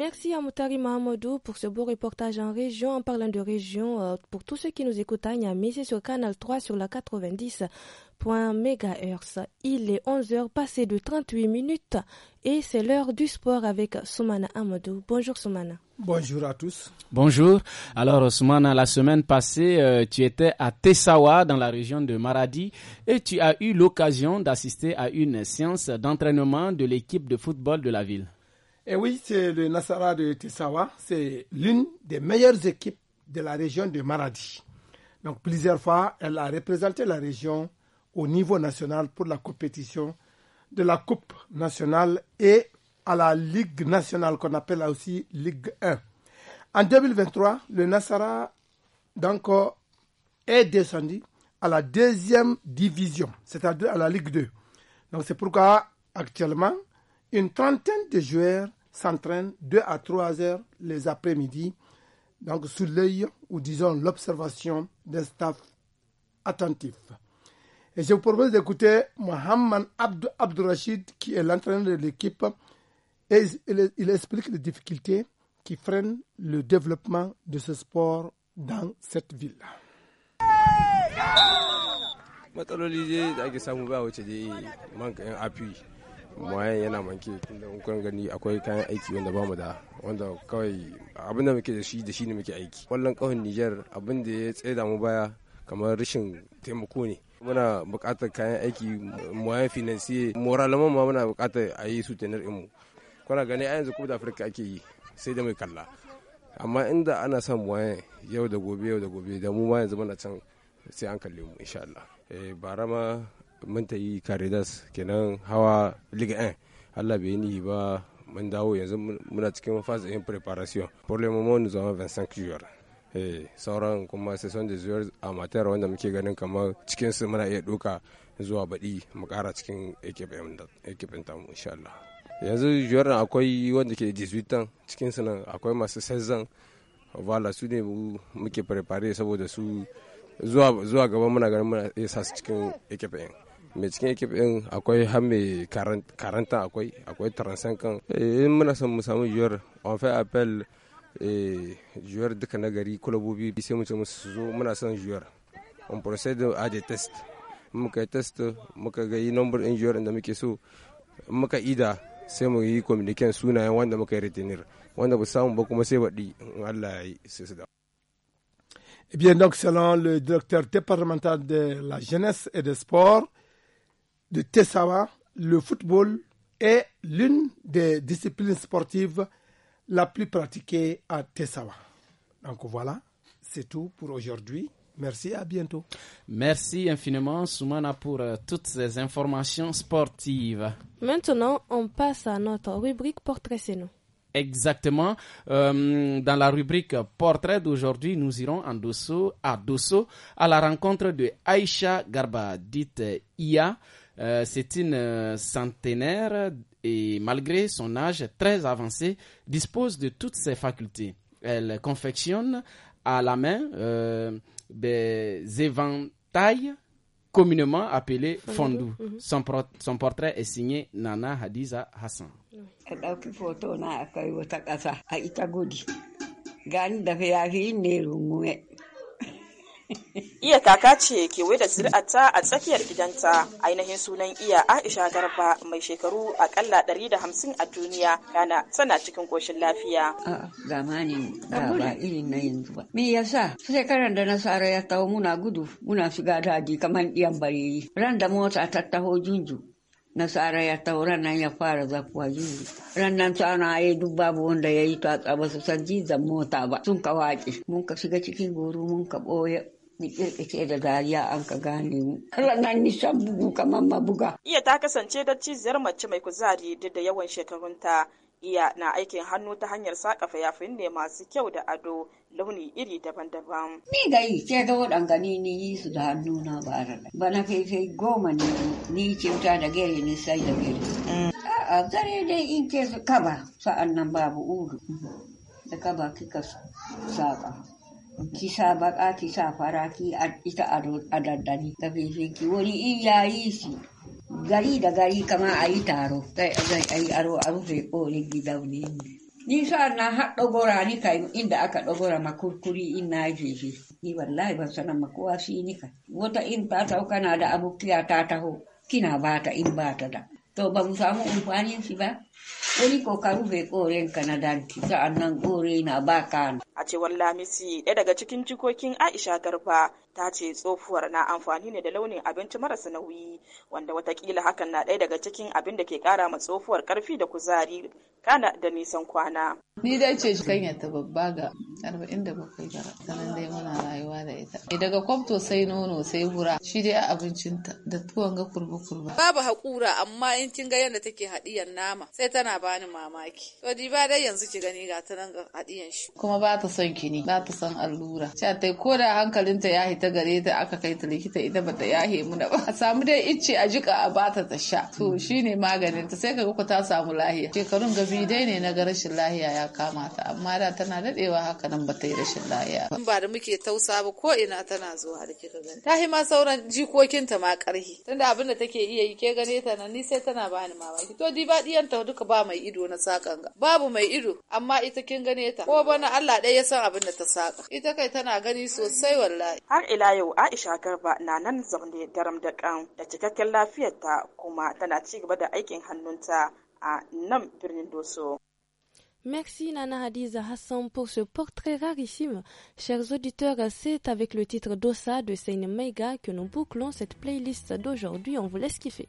Merci à Moutari Mahamadou pour ce beau reportage en région. En parlant de région, euh, pour tous ceux qui nous écoutent à Niamey, c'est sur Canal 3 sur la point Il est 11h passé de 38 minutes et c'est l'heure du sport avec Soumana Amadou. Bonjour Soumana. Bonjour à tous. Bonjour. Alors Soumana, la semaine passée, euh, tu étais à Tessawa dans la région de Maradi et tu as eu l'occasion d'assister à une séance d'entraînement de l'équipe de football de la ville. Et eh oui, c'est le Nassara de Tessawa. C'est l'une des meilleures équipes de la région de Maradi. Donc plusieurs fois, elle a représenté la région au niveau national pour la compétition de la Coupe nationale et à la Ligue nationale qu'on appelle aussi Ligue 1. En 2023, le Nassara est descendu à la deuxième division, c'est-à-dire à la Ligue 2. Donc c'est pourquoi actuellement, une trentaine de joueurs s'entraînent deux à 3 heures les après-midi, donc sous l'œil ou disons l'observation d'un staff attentif. Et je vous propose d'écouter Mohamed Abd Abdurrachid, qui est l'entraîneur de l'équipe, et il, explique les difficultés qui freinent le développement de ce sport dans cette ville. wayan yana manke tunda da kun gani akwai kayan aiki wanda bamu da wanda kawai abin da muke da shi da shi ne muke aiki kwallon kawai Niger abin da ya tsaida mu baya kamar rashin taimako ne muna buƙatar kayan aiki wayan finansiye moralaman ma muna buƙatar a yi su tenar mu kuna gani a yanzu kuma da Afirka ake yi sai da mai kalla amma inda ana son wayan yau da gobe yau da gobe da mu ma yanzu muna can sai an kalle mu insha Allah eh bara manta ta yi caridas kenan hawa ligue 1 allah bai ni ba mun dawo yanzu muna cikin phase in preparation pour le moment nous 25 joueurs eh sauran kuma sai son da joueurs amateur wanda muke ganin kamar cikin su muna iya doka zuwa baɗi mu cikin ekipin tamu insha Allah yanzu na akwai wanda ke 18 cikin su nan akwai masu 16 ans wala su ne muke prepare saboda su zuwa gaba muna ganin muna iya sa su cikin ekipin mai cikin ekip din akwai har mai karanta akwai akwai taransan kan eh, in muna son mu samu yiwuwar on fait appel eh, joueur duka na gari kulabobi sai mu ce musu su zo muna son joueur on procede a des test muka yi test muka ga yi number din joueur da muke so muka ida sai mu yi communication sunayen wanda muka yi retenir wanda ba samu ba kuma sai baɗi in Allah ya yi sai su da Eh bien, donc, selon le directeur départemental de la jeunesse et des sports, de Tessawa, le football est l'une des disciplines sportives la plus pratiquée à Tessawa. Donc voilà, c'est tout pour aujourd'hui. Merci, à bientôt. Merci infiniment, Soumana, pour euh, toutes ces informations sportives. Maintenant, on passe à notre rubrique Portrait c'est nous. Exactement. Euh, dans la rubrique Portrait d'aujourd'hui, nous irons en dessous à Dosso, à la rencontre de Aïcha Garba, dite IA. Euh, c'est une euh, centenaire et malgré son âge très avancé, dispose de toutes ses facultés. Elle confectionne à la main euh, des éventails communément appelés Fondou. Mhm. son, portrait est signé Nana Hadiza Hassan. iya kaka ce kewaye da zuri'arta a tsakiyar gidanta ainihin sunan iya aisha garba mai shekaru akalla hamsin a duniya kana tana cikin koshin lafiya ga mani ba irin na yanzu ba me yasa shekarar da nasara ya kawo muna gudu muna shiga daji kamar diyan bariri ran da mota ta taho junju nasara ya taura nan ya fara zakuwa juju ta na yi duk babu wanda ya yi tatsa ba su san jizan mota ba sun ka mun ka shiga cikin goro mun ka ɓoye ƙirƙice da dariya an ka gane mu. Ranar nisan bugu kamar mabuga. Iya ta kasance da ciziyar mace mai kuzari duk da yawan shekarunta. Iya na aikin hannu ta hanyar saƙa fayafin ne masu kyau da ado launi iri daban-daban. Ni ga yi ce da gani ni yi su da hannu na ba Bana kai kai goma ne ni ta da gere ni sai da gere. A'a zare dai in ke kaba sa'an nan babu uru. Da kaba kika saƙa. Kisa baka kisa sa fara ki ita a daddare da ki wani in yayi shi gari da gari kama a yi taro sai yi aro a rufe ƙorin gidauni ni sa na haɗa gora ni ka inda aka ɗogora makurkuri in na jeje ni wallahi ban sanar makowa shi ni ka wata in ta sauka na da abokiya ta taho kina bata in bata da to ba mu samu amfanin shi ba wani kokaru bai koren kanada sa'an nan kore na ba a cewar lamisi ɗaya daga cikin jikokin aisha garba ta ce tsofuwar na amfani ne da launin abinci marasa nauyi wanda watakila hakan na ɗaya daga cikin abin da ke ƙara ma tsofuwar ƙarfi da kuzari kana da nisan kwana. Ni dai ce kanya ta babba ga 47 gara sanan dai muna rayuwa da ita. Daga kwamto sai nono sai hura shi dai a ta da tuwon ga kurba kurba. Babu haƙura amma in kin ga yadda take haɗiyan nama sai tana bani mamaki. To di ba dai yanzu ki gani ga ta nan ga haɗiyan shi. Kuma ba ta son kini ba ta son allura. Sha tai ko hankalinta ya hita gare ta aka kai ta likita ita bata yahe muna ba samu dai icce a jika a bata ta sha to shine maganin ta sai kaga ku ta samu lahiya shekarun gabi dai ne na ga rashin lahiya ya kama ta amma da tana dadewa haka nan bata yi rashin lahiya ba ba da muke tausa ba ko ina tana zuwa da kika gani ta ma sauran jikokinta ma karhi tunda abin da take iya yi ke gane ta nan ni sai tana bani mamaki to di ba ta duka ba mai ido na sakan ga babu mai ido amma ita kin gane ta ko bana Allah dai ya san abin da ta saka ita kai tana gani sosai wallahi har Merci Nana Hadiza Hassan pour ce portrait rarissime. Chers auditeurs, c'est avec le titre Dossa de Seine Mega que nous bouclons cette playlist d'aujourd'hui. On vous laisse kiffer.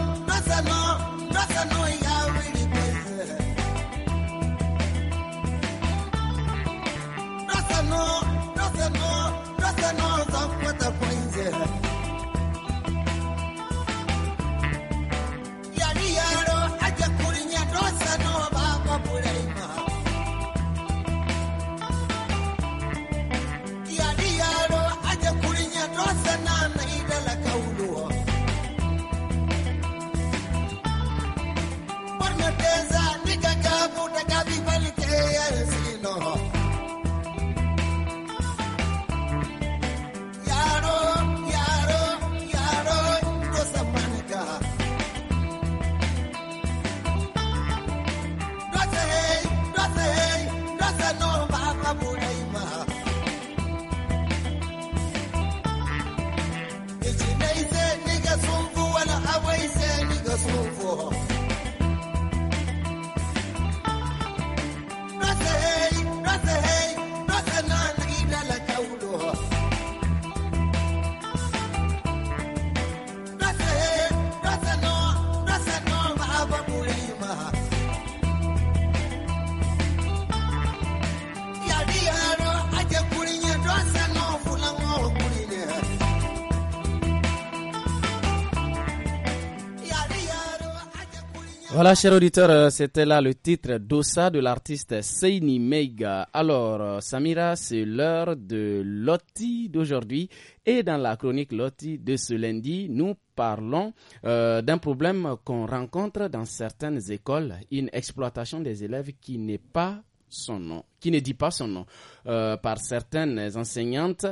Cher chers auditeurs, euh, c'était là le titre d'Ossa de l'artiste Seini Meiga. Alors, euh, Samira, c'est l'heure de Lotti d'aujourd'hui. Et dans la chronique Lotti de ce lundi, nous parlons euh, d'un problème qu'on rencontre dans certaines écoles, une exploitation des élèves qui n'est pas son nom, qui ne dit pas son nom, par certaines enseignantes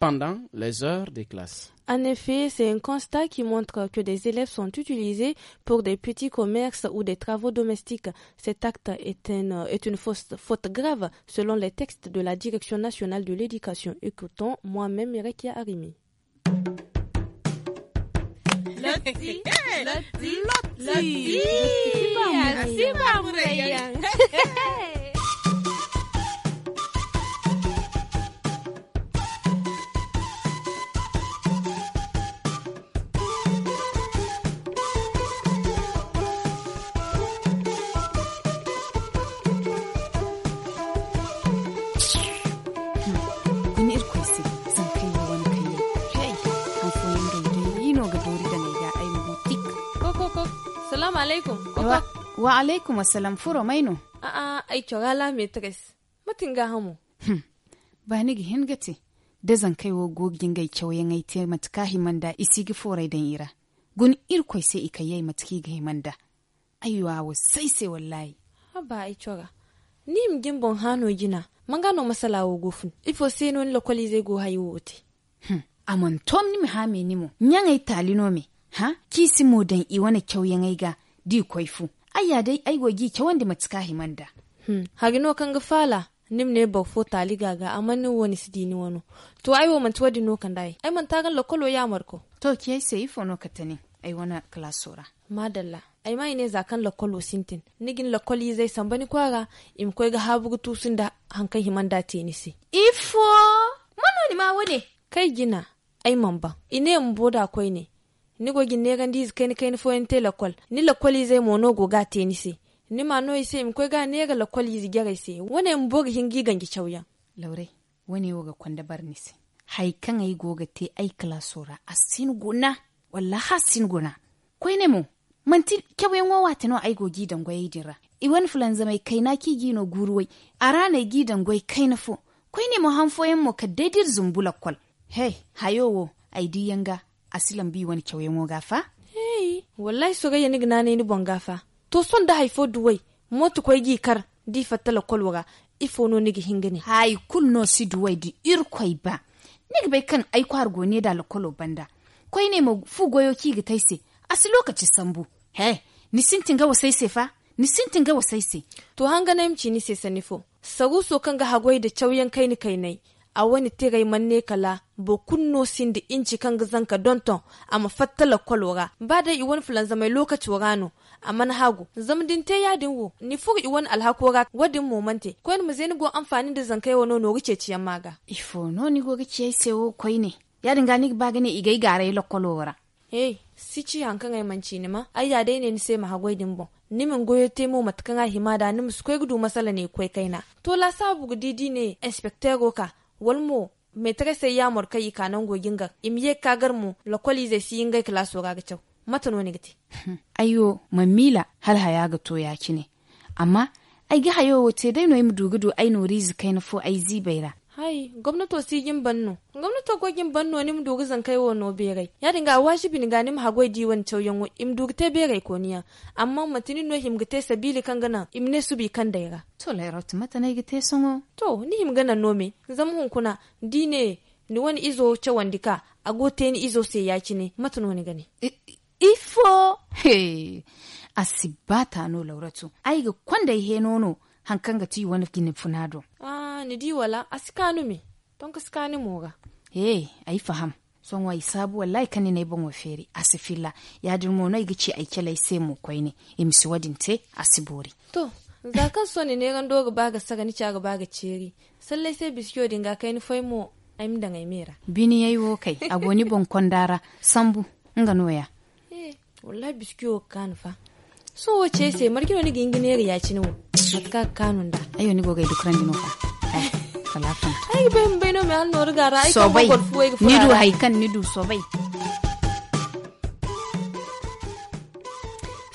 pendant les heures des classes. En effet, c'est un constat qui montre que des élèves sont utilisés pour des petits commerces ou des travaux domestiques. Cet acte est une, est faute, grave selon les textes de la Direction nationale de l'éducation. Écoutons moi-même Rekia Arimi. alaikum. Wa alaikum assalam furo maino. A'a ai chogala metres. ga hamu. Ba ni gihin gati. Da zan kai wo gogin gai chauyen ai te matka himanda isigi forai dan ira. Gun irkoi sai ikayyai matki ga himanda. Ayuwa wa sai sai wallahi. Haba ai choga. Ni mgin bon hano gina. Mangano masala wo gofun. Ifo sai non lokoli go hayi wote. Amon tom ni mi ha me nimo. Nyangai talino me. Ha? Kisi mo dan i wani kyau ga di kwaifu ayya dai aiwa gi ke wanda matuka himanda hmm. hagino kan ga fala nim ne ba fo tali gaga a ni woni sidi ni wono to aiwa wo man tuwadi no kan ai man tagan lokolo ya marko to ki ai sai fo no katani ai wana klasora madalla ai mai ne zakan lokolo sintin nigin lokoli zai sambani kwara im koi ga habugu tusun da hankan himanda tenisi ifo manoni ma wone kai gina ai man ban ine mboda koi ne ni go ginne gandi ken ken fo ente lakwal. ni lakol zai mono go ga tenisi ni ma no ise mi ko ga ne ga lakol sai. wani ise wone mboga hingi gangi chawya laure wone ga kwanda barnisi hay kan ay goga te ay kala sora asin guna ha hasin guna koi ne mu manti kyawe ngo watano ay go gidan goyi dira iwan fulan zamai kai na ki gino guruwai a rana gidan goyi kai na fo koi ne mu hanfoyen mu ka daidir zumbula kwal hey wo ai di yanga asilan bi wani kyawe mo gafa hey wallahi so gaya nigna ne ni gafa to son da haifo duwai motu koy gi kar di fatala kolwaga ifo no hinga hingani Hai, kul no si duwai di ir koy ba nigi bai kan ai kwar gone da lokolo banda koy ne mo fu goyo ki gi taise asi lokaci sambu he ni sintin ga wasai fa ni sintin ga wasai to hanga na imci ni se sanifo sagu so kan ga hagwai da cauyan kai ni kai nai a wani tigai manne kala bo kunno sindi inci kan gizan ka donton a fattala kwalwara ba da iwan filan zamai lokaci warano a manhagu zamdin te yadin wo ni fur iwan alhakora wadin momente koyin mu zai go amfani da zankai wano no rice ciyan maga ifo no ni go rice sewo koi ne dinga ni ba gane igai garai lokolwara hey si ci hankan ai manci ne ma ai da dai ne ni sai mahagwai din bon ni min goyo te mu matkan a himada ni muskwai gudu masala ne kwai kaina to la sabu gudidi ne inspector walmo sai ya morka yi kanan gogin ga imye kagar mu lakwali zai si ingai klaso ga gacau mata no gati hmm. ayo mamila hal haya ga to ya kine amma ai ga hayo wote dai no mu dugudu ai no rizikai na fo ai zibaira hai gwamnato sigin banno gwamnato ko yin banno nim dugu zan kai wono berai ya dinga wajibi ni ganim hagoi diwan chawyon im dugu te berai koniya amma matini no him gite sabili kan gana im ne subi kan daira to rot mata ne gite songo to ni him gana me zam hun kuna dine ni wani izo chawandika agote ni izo se ya ne matuno ni gani ifo he asibata no lauratu ai ga kwanda ihe nono hankanga ti wani gini funado ah ni di wala asikanu mi tonka ga. he eh, a yi faham son wa isabu wallahi kani ne a waferi fila, ya dirmo no igici ai kelai sai mu kwai ne imsi wadin te asibori to za kan so ne ran doga baga saga ni caga baga ceri sallai sai din dinga kai ni foi mo ai da ngai mera bini yayi wo kai goni bon kondara sambu nga noya eh wallahi biskiyo fa so wace se markino ni gingine ri ya cinu ka kanun da ayo ni gogai duk ran dino fa eh, ai ben beno me an nor gara ai ko gor fuwe ga ni du kan ni du sobai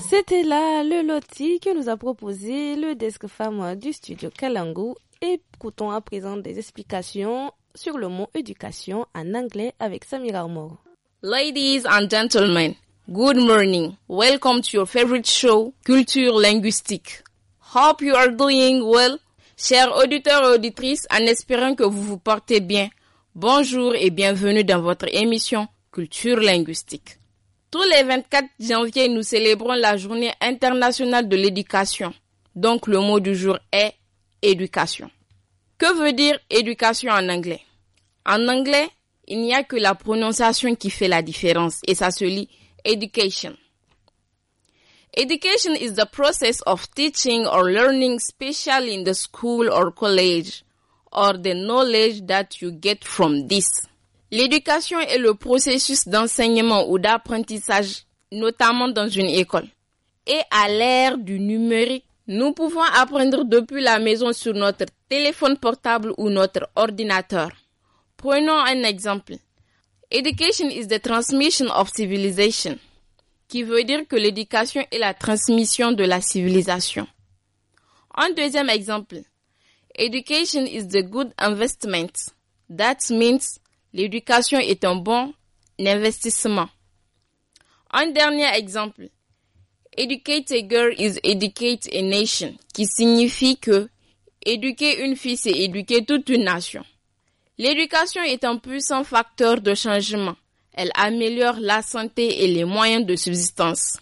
C'était là le loti que nous a proposé le desk femme du studio Kalangu. Écoutons à présent des explications sur le mot éducation en anglais avec Samira Omoro. Ladies and gentlemen, Good morning. Welcome to your favorite show, Culture Linguistique. Hope you are doing well. Chers auditeurs et auditrices, en espérant que vous vous portez bien, bonjour et bienvenue dans votre émission Culture Linguistique. Tous les 24 janvier, nous célébrons la journée internationale de l'éducation. Donc le mot du jour est éducation. Que veut dire éducation en anglais En anglais, il n'y a que la prononciation qui fait la différence et ça se lit Education. Education is the process of teaching or learning, in the school or college, or the knowledge that you get from this. L'éducation est le processus d'enseignement ou d'apprentissage, notamment dans une école. Et à l'ère du numérique, nous pouvons apprendre depuis la maison sur notre téléphone portable ou notre ordinateur. Prenons un exemple. Education is the transmission of civilization, qui veut dire que l'éducation est la transmission de la civilisation. Un deuxième exemple. Education is the good investment. That means l'éducation est un bon investissement. Un dernier exemple. Educate a girl is educate a nation, qui signifie que éduquer une fille, c'est éduquer toute une nation. L'éducation est un puissant facteur de changement. Elle améliore la santé et les moyens de subsistance.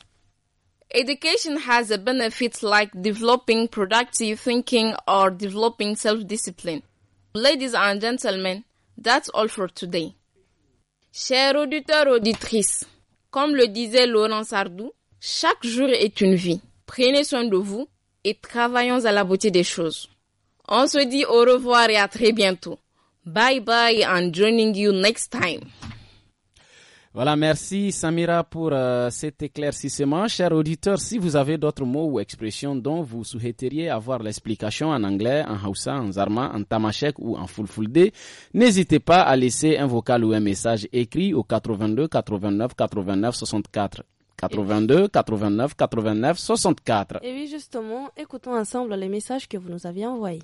Education has a benefit like developing productive thinking or developing self-discipline. Ladies and gentlemen, that's all for today. Chers auditeurs, auditrices, comme le disait Laurent Sardou, chaque jour est une vie. Prenez soin de vous et travaillons à la beauté des choses. On se dit au revoir et à très bientôt. Bye bye and joining you next time. Voilà, merci Samira pour euh, cet éclaircissement. Chers auditeurs, si vous avez d'autres mots ou expressions dont vous souhaiteriez avoir l'explication en anglais, en Hausa, en Zarma, en Tamashek ou en Fulfulde, n'hésitez pas à laisser un vocal ou un message écrit au 82 89 89 64. 82 89 89 64. Et oui, justement, écoutons ensemble les messages que vous nous aviez envoyés.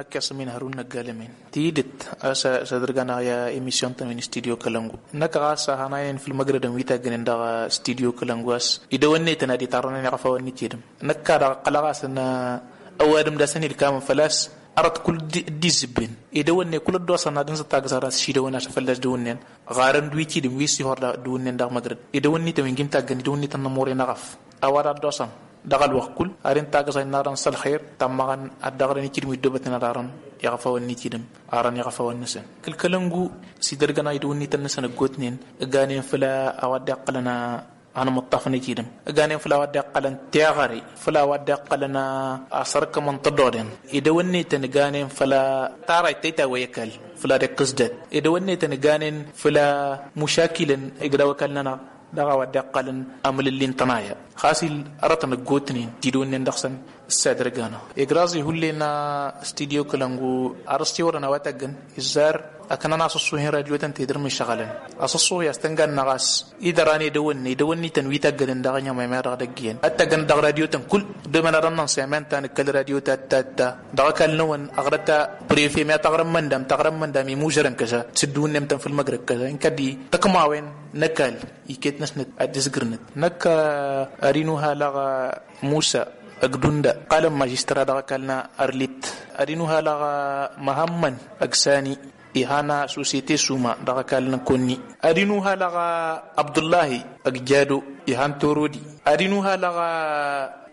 nakas min harun nagalemin tidit asa sadrgana ya emission tan min studio kalangu naka asa hanayen fil magradan wita ganin da studio kalangu as ida wanne tana di tarana ne qafa wanne tidum nakka da qalaga sana awadum da sanil kam falas arat kul dizbin ida wanne kul do sana dan sata gasara shi da wannan falas da wannan garan duiki dum wisi horda da wannan da magrad ida wanne tan gimta gani da wanne tan more na qaf awara dosan dagal wakul arin tagasa naran sal khair tamagan adagal ni kirmi dobat naran ya gafawan ni kidam aran ya gafawan nasan kalkalangu sidargana idu ni tan nasan gotnin ganin fala awadda qalana أنا متفق نجيدم أجاني فلا ودا قلن تيغري فلا ودا قلنا أسرك من تدورين إذا وني تنجاني فلا تاري تيتا ويكل فلا رقصدت إذا وني تنجاني فلا مشاكل إجرا وكلنا daga wa daqqalin amlillin tanaya khasil aratan gotni tidon nen daksan sadr gana igrazi hulle na studio kalangu arsti wara na watagan izar akana na sosu hin radio tan te dirmi shagalan asosu ya stangan nagas idarani da wonni da wonni tan wita gadan da ganya mai mai da giyen atta gan da radio tan kul da mana ran nan sai man tan kal radio ta ta ta da kal nawan agrata prefe mai tagaran man dam tagaran man dam mujran kaza sidun nem tan fil magrib kaza in kadi takmawen نكال يكيت نسنة أدسقرنت نكا أرينوها لغا موسى أقدوندا قال ماجسترا دغا كالنا أرليت أرينوها لغا محمد أقساني إهانا سوسيتي سوما دغا كالنا كوني أرينوها لغا عبد الله أقجادو إهان تورودي أرينوها لغا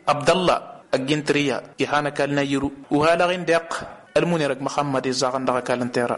عبد الله أجنتريا إهانا كالنا يرو وها لغين ديق المنيرك محمد الزاغن دغا تيرا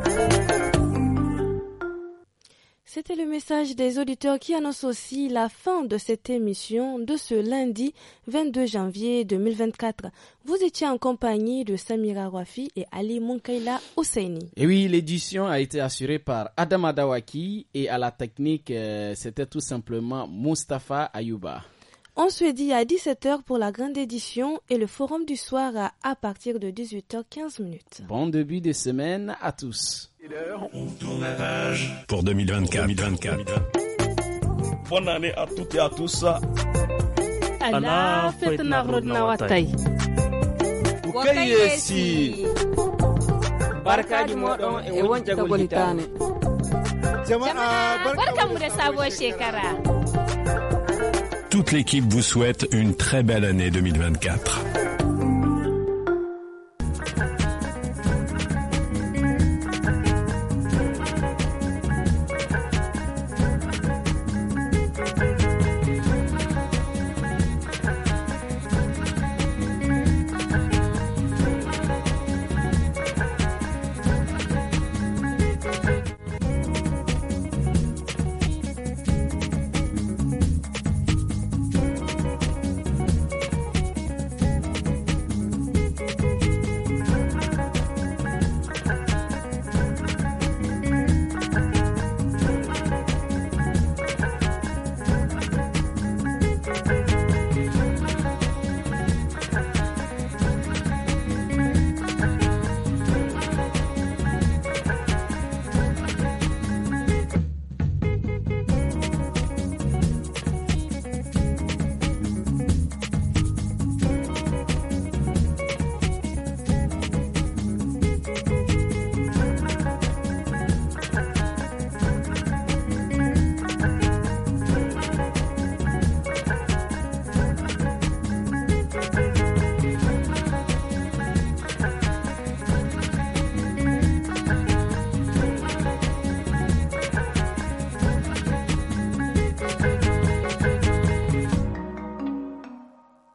C'était le message des auditeurs qui annonce aussi la fin de cette émission de ce lundi 22 janvier 2024. Vous étiez en compagnie de Samira Rafi et Ali Munkaila Hosseini. Et oui, l'édition a été assurée par Adam Adawaki et à la technique, euh, c'était tout simplement Mustafa Ayuba. On se dit à 17h pour la grande édition et le forum du soir à, partir de 18h15 Bon début de semaine à tous. On tourne page pour 2024. 2024. Bonne année à toutes et à tous. Allah fitna rodna watay. Kukaye si. Barkaji modon e wonja golitane. Jama'a barkamu da sabuwar shekara. Toute l'équipe vous souhaite une très belle année 2024.